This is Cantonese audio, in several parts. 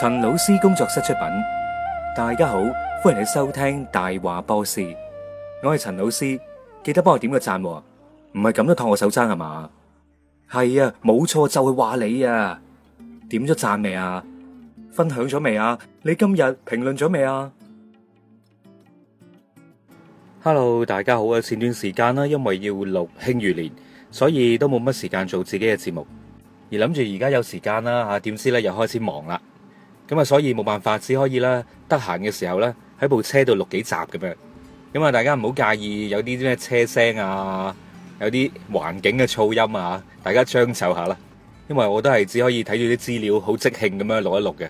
陳老師工作室出品，大家好，歡迎你收聽大話波斯。我係陳老師，記得幫我點個讚、啊，唔係咁都托我手踭係嘛？係啊，冇錯就會話你啊，點咗讚未啊？分享咗未啊？你今日評論咗未啊？Hello，大家好啊。前段時間啦，因為要錄《慶餘年》，所以都冇乜時間做自己嘅節目，而諗住而家有時間啦吓，點知咧又開始忙啦。咁啊，所以冇辦法，只可以啦，得閒嘅時候咧，喺部車度錄幾集咁樣。咁啊，大家唔好介意有啲啲咩車聲啊，有啲環境嘅噪音啊，大家將就下啦。因為我都係只可以睇住啲資料，好即興咁樣錄一錄嘅。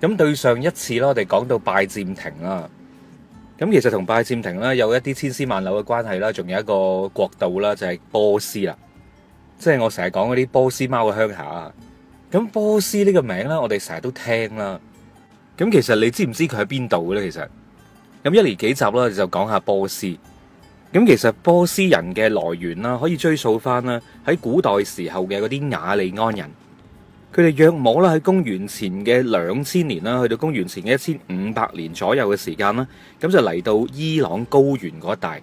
咁對上一次啦，我哋講到拜占庭啦。咁其實同拜占庭啦有一啲千絲萬縷嘅關係啦，仲有一個國度啦，就係波斯啦。即係我成日講嗰啲波斯貓嘅鄉下。咁波斯呢個名呢，我哋成日都聽啦。咁其實你知唔知佢喺邊度呢？其實咁一連幾集啦，就講下波斯。咁其實波斯人嘅來源啦，可以追溯翻啦，喺古代時候嘅嗰啲雅利安人，佢哋約摸啦喺公元前嘅兩千年啦，去到公元前嘅一千五百年左右嘅時間啦，咁就嚟到伊朗高原嗰一帶。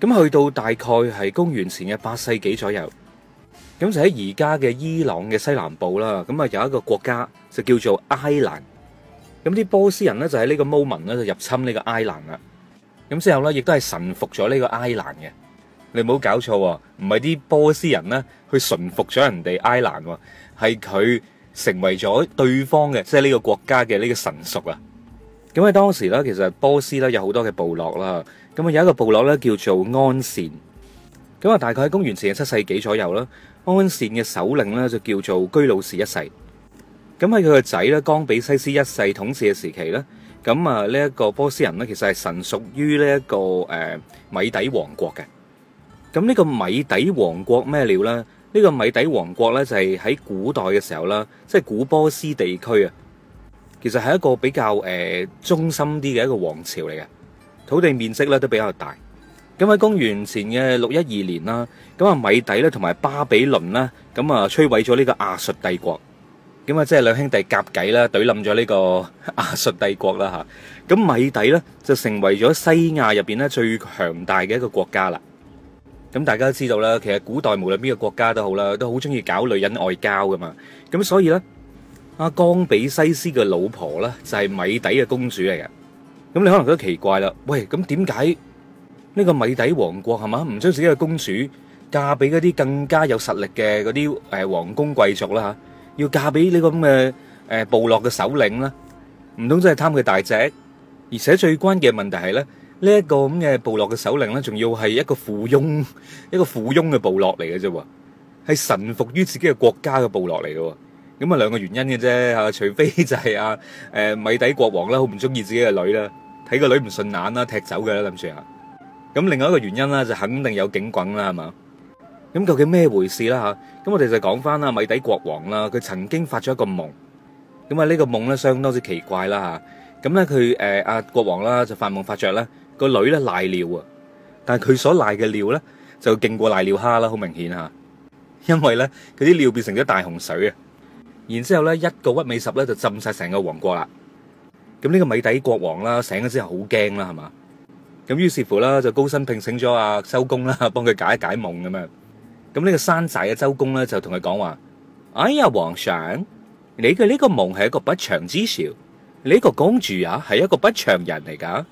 咁去到大概係公元前嘅八世紀左右。咁就喺而家嘅伊朗嘅西南部啦，咁啊有一個國家就叫做埃蘭，咁啲波、哦、波斯人呢，就喺呢個 moment 呢就入侵呢個埃蘭啦，咁之後呢，亦都係臣服咗呢個埃蘭嘅。你唔好搞錯，唔係啲波斯人呢去臣服咗人哋埃蘭，係佢成為咗對方嘅，即係呢個國家嘅呢個臣屬啊。咁喺當時呢，其實波斯呢有好多嘅部落啦，咁啊有一個部落呢，叫做安善，咁啊大概喺公元前七世紀左右啦。安善嘅首領咧就叫做居魯士一世，咁喺佢個仔咧，岡比西斯一世統治嘅時期咧，咁啊呢一個波斯人咧，其實係臣屬於呢一個誒、呃、米底王國嘅。咁呢個米底王國咩料咧？呢、呢個米底王國咧就係喺古代嘅時候啦，即、就、係、是、古波斯地區啊，其實係一個比較誒、呃、中心啲嘅一個王朝嚟嘅，土地面積咧都比較大。咁喺公元前嘅六一二年啦，咁啊米底咧同埋巴比倫咧，咁啊摧毀咗呢個亞述帝國，咁啊即係兩兄弟夾計啦，懟冧咗呢個亞述帝國啦吓，咁米底咧就成為咗西亞入邊咧最強大嘅一個國家啦。咁大家都知道啦，其實古代無論邊個國家都好啦，都好中意搞女人外交噶嘛，咁所以咧，阿岡比西斯嘅老婆咧就係米底嘅公主嚟嘅，咁你可能覺得奇怪啦，喂，咁點解？呢個米底王國係嘛？唔將自己嘅公主嫁俾嗰啲更加有實力嘅嗰啲誒王公貴族啦，嚇要嫁俾呢個咁嘅誒部落嘅首領啦，唔通真係貪佢大隻？而且最關鍵嘅問題係咧，呢一個咁嘅部落嘅首領咧，仲要係一個附庸一個附庸嘅部落嚟嘅啫喎，係臣服於自己嘅國家嘅部落嚟嘅喎，咁啊兩個原因嘅啫嚇，除非就係阿誒米底國王啦，好唔中意自己嘅女啦，睇個女唔順眼啦，踢走嘅啦諗算嚇。咁另外一個原因啦，就肯定有警棍啦，係嘛？咁究竟咩回事啦？吓，咁我哋就講翻啦，米底國王啦，佢曾經發咗一個夢，咁啊呢個夢咧相當之奇怪啦吓，咁咧佢誒啊國王啦就發夢發著咧個女咧瀨尿啊，但係佢所瀨嘅尿咧就勁過瀨尿蝦啦，好明顯吓，因為咧佢啲尿變成咗大洪水啊，然之後咧一個屈尾十咧就浸晒成個王國啦，咁呢個米底國王啦醒咗之後好驚啦，係嘛？咁於是乎啦，就高薪聘請咗阿周公啦，幫佢解一解夢咁樣。咁、這、呢個山寨嘅周公咧就同佢講話：哎呀，皇上，你嘅呢個夢係一個不祥之兆，你個公主啊係一個不祥人嚟噶。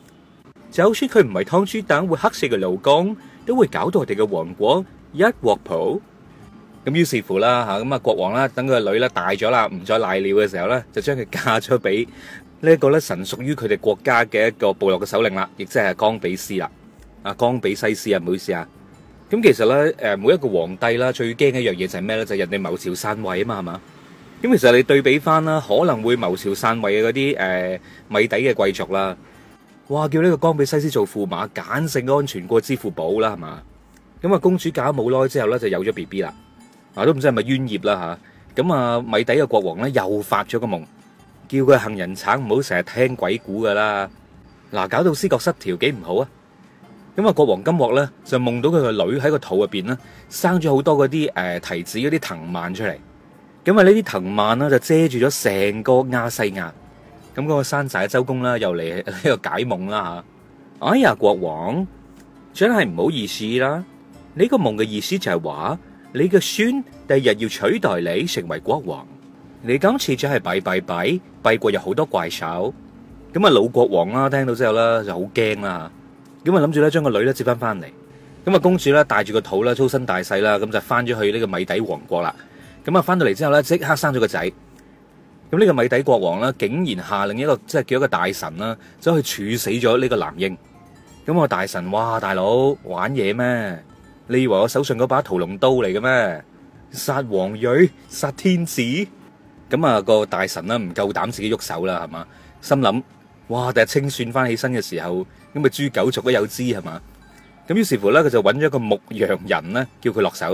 就算佢唔係湯豬蛋會黑死嘅老公，都會搞到我哋嘅王國一鑊泡。咁於是乎啦嚇，咁啊國王啦，等佢個女啦大咗啦，唔再賴尿嘅時候咧，就將佢嫁咗俾呢一個咧，臣屬於佢哋國家嘅一個部落嘅首領啦，亦即係江比斯啦，啊江比西斯啊，唔好意思啊。咁其實咧，誒每一個皇帝啦，最驚一樣嘢就係咩咧？就係人哋謀朝篡位啊嘛，係嘛？咁其實你對比翻啦，可能會謀朝篡位嘅嗰啲誒米底嘅貴族啦，哇！叫呢個江比西斯做駙馬，簡直安全過支付寶啦，係嘛？咁啊，公主嫁咗冇耐之後咧，就有咗 B B 啦。嗱，都唔知係咪冤孽啦吓，咁啊，米底嘅國王咧又發咗個夢，叫佢行人橙唔好成日聽鬼故噶啦，嗱，搞到思覺失調幾唔好啊，咁啊，國王金箔咧就夢到佢個女喺個肚入邊啦，生咗好多嗰啲誒提子嗰啲藤蔓出嚟，咁啊呢啲藤蔓咧就遮住咗成個亞細亞，咁嗰個山寨周公啦又嚟呢個解夢啦吓，哎呀，國王真係唔好意思啦，呢個夢嘅意思就係話。你嘅孫第日要取代你成為國王，你今次就係弊弊弊，弊過有好多怪獸，咁啊老國王啦，聽到之後啦就好驚啦，咁啊諗住咧將個女咧接翻翻嚟，咁啊公主咧帶住個肚啦，粗身大細啦，咁就翻咗去呢個米底王國啦，咁啊翻到嚟之後咧，即刻生咗個仔，咁呢個米底國王啦，竟然下令一個即係叫一個大臣啦，走去處死咗呢個男嬰，咁啊大臣話哇大佬玩嘢咩？你以為我手上嗰把屠龍刀嚟嘅咩？殺皇裔，殺天子。咁啊個大臣啦唔夠膽自己喐手啦，係嘛？心諗，哇！第日清算翻起身嘅時候，咁啊豬狗族都有知係嘛？咁於是乎咧，佢就揾咗個牧羊人咧，叫佢落手，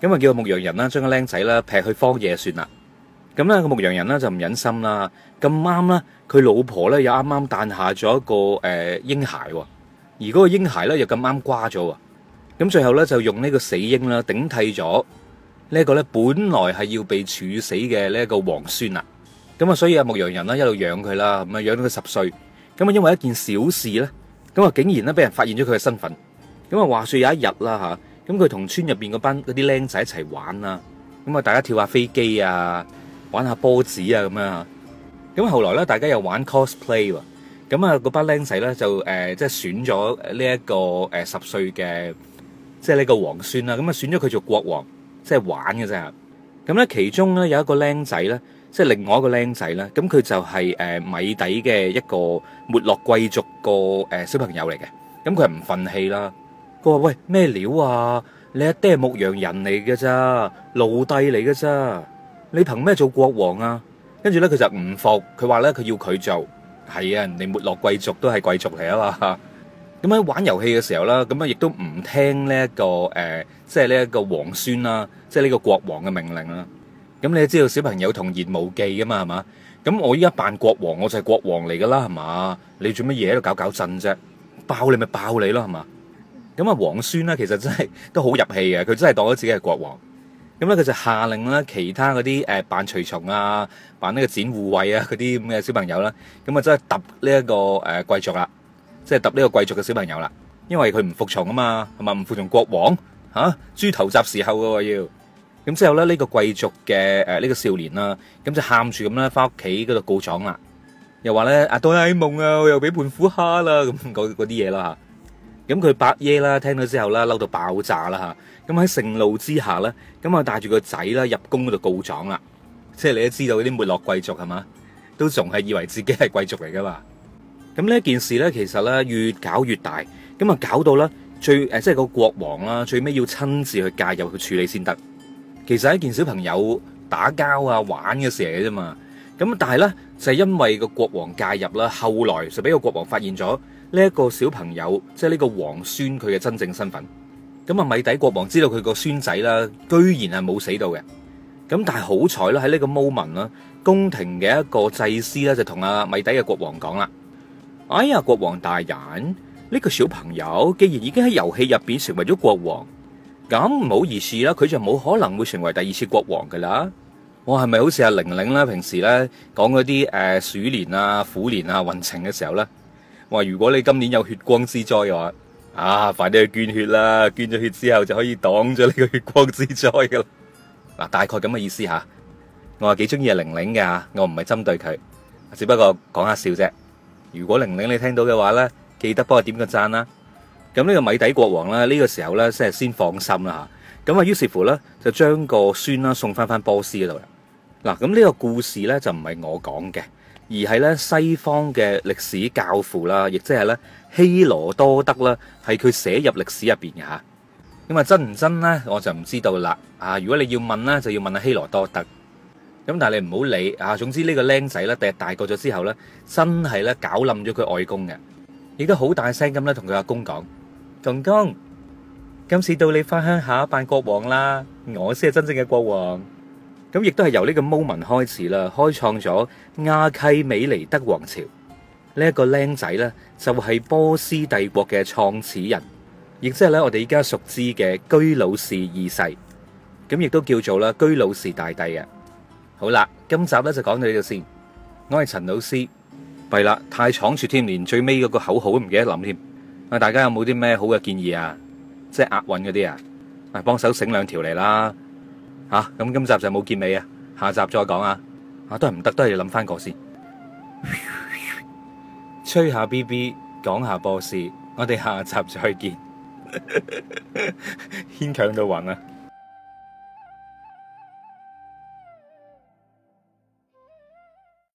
咁啊叫個牧羊人啦，將個僆仔啦劈去荒野算啦。咁咧個牧羊人咧就唔忍心啦，咁啱啦，佢老婆咧又啱啱誕下咗一個誒嬰孩，而嗰個嬰孩咧又咁啱瓜咗。咁最後咧，就用呢個死嬰啦，頂替咗呢一個咧，本來係要被處死嘅呢一個皇孫啊。咁啊，所以啊牧羊人咧一路養佢啦，咁啊養咗佢十歲。咁啊，因為一件小事咧，咁啊竟然咧俾人發現咗佢嘅身份。咁啊，話説有一日啦吓，咁佢同村入邊嗰班嗰啲僆仔一齊玩啊，咁啊大家跳下飛機啊，玩下波子啊，咁樣。咁後來咧，大家又玩 cosplay 喎。咁啊，嗰班僆仔咧就誒即係選咗呢一個誒十歲嘅。即係呢個皇孫啦，咁啊選咗佢做國王，即係玩嘅啫。咁咧其中咧有一個僆仔咧，即係另外一個僆仔咧，咁佢就係誒米底嘅一個沒落貴族個誒小朋友嚟嘅。咁佢係唔忿氣啦，佢話喂，咩料啊？你阿爹牧羊人嚟嘅咋，奴隸嚟嘅咋，你憑咩做國王啊？跟住咧佢就唔服，佢話咧佢要佢做。係啊，人哋沒落貴族都係貴族嚟啊嘛。咁喺玩遊戲嘅時候啦，咁啊亦都唔聽呢、這、一個誒、呃，即係呢一個王孫啦，即係呢個國王嘅命令啦。咁你知道小朋友童言無忌噶嘛，係嘛？咁我依家扮國王，我就係國王嚟噶啦，係嘛？你做乜嘢喺度搞搞陣搞搞震啫？爆你咪爆你咯，係嘛？咁啊，王孫咧，其實真係都好入戲嘅，佢真係當咗自己係國王。咁咧，佢就下令咧，其他嗰啲誒扮隨從啊，扮呢個展護衛啊，嗰啲咁嘅小朋友啦，咁啊真係揼呢一個誒貴、呃、族啦。即係揼呢個貴族嘅小朋友啦，因為佢唔服從啊嘛，係咪唔服從國王吓，豬頭雜事後嘅要，咁之後咧呢個貴族嘅誒呢個少年啦，咁就喊住咁啦，翻屋企嗰度告狀啦，又話咧阿哆啦 A 夢啊，我又俾胖虎蝦啦，咁嗰嗰啲嘢啦吓，咁佢伯爺啦聽到之後咧嬲到爆炸啦吓，咁喺盛怒之下咧，咁啊帶住個仔啦入宮嗰度告狀啦，即係你都知道嗰啲沒落貴族係嘛，都仲係以為自己係貴族嚟噶嘛。咁呢件事咧，其實咧越搞越大，咁啊搞到咧最誒，即係個國王啦，最尾要親自去介入去處理先得。其實一件小朋友打交啊玩嘅事嚟嘅啫嘛。咁但係咧就係、是、因為個國王介入啦，後來就俾個國王發現咗呢一個小朋友即係呢個皇孫佢嘅真正身份。咁啊，米底國王知道佢個孫仔啦，居然係冇死到嘅。咁但係好彩啦，喺呢個 moment 啦，宮廷嘅一個祭司咧就同阿米底嘅國王講啦。哎呀，國王大人，呢、這個小朋友既然已經喺遊戲入邊成為咗國王，咁唔好意思啦，佢就冇可能會成為第二次國王噶啦。我係咪好似阿玲玲啦，啊？平時咧講嗰啲誒鼠年啊、虎年啊運程嘅時候咧，話如果你今年有血光之災嘅話，啊快啲去捐血啦，捐咗血，捐血之後就可以擋咗呢個血光之災噶啦。嗱，大概咁嘅意思吓，我係幾中意阿玲玲嘅，我唔係針對佢，只不過講下笑啫。如果玲玲你聽到嘅話咧，記得幫我點個讚啦。咁呢個米底國王咧，呢個時候咧，先係先放心啦吓。咁啊，於是乎啦，就將個孫啦送翻翻波斯嗰度。嗱，咁呢個故事咧就唔係我講嘅，而係咧西方嘅歷史教父啦，亦即係咧希羅多德啦，係佢寫入歷史入邊嘅吓。咁啊，真唔真咧，我就唔知道啦。啊，如果你要問咧，就要問阿希羅多德。咁但係你唔好理啊！總之呢個僆仔咧，第日大個咗之後咧，真係咧搞冧咗佢外公嘅，亦都好大聲咁咧同佢阿公講：，同公，今次到你翻鄉下扮國王啦，我先係真正嘅國王。咁亦都係由呢個 moment 開始啦，開創咗亞契美尼德王朝。呢、這、一個僆仔咧就係波斯帝國嘅創始人，亦即係咧我哋而家熟知嘅居魯士二世，咁亦都叫做居魯士大帝。好啦，今集咧就講到呢度先。我係陳老師，弊啦太倉促添，連最尾嗰個口號都唔記得諗添。啊，大家有冇啲咩好嘅建議啊？即係押韻嗰啲啊，幫手整兩條嚟啦。吓，咁今集就冇結尾啊，下集再講啊。啊，都係唔得，都係要諗翻個先。 吹下，BB，講下波斯，我哋下集再見。 牽強到暈啊！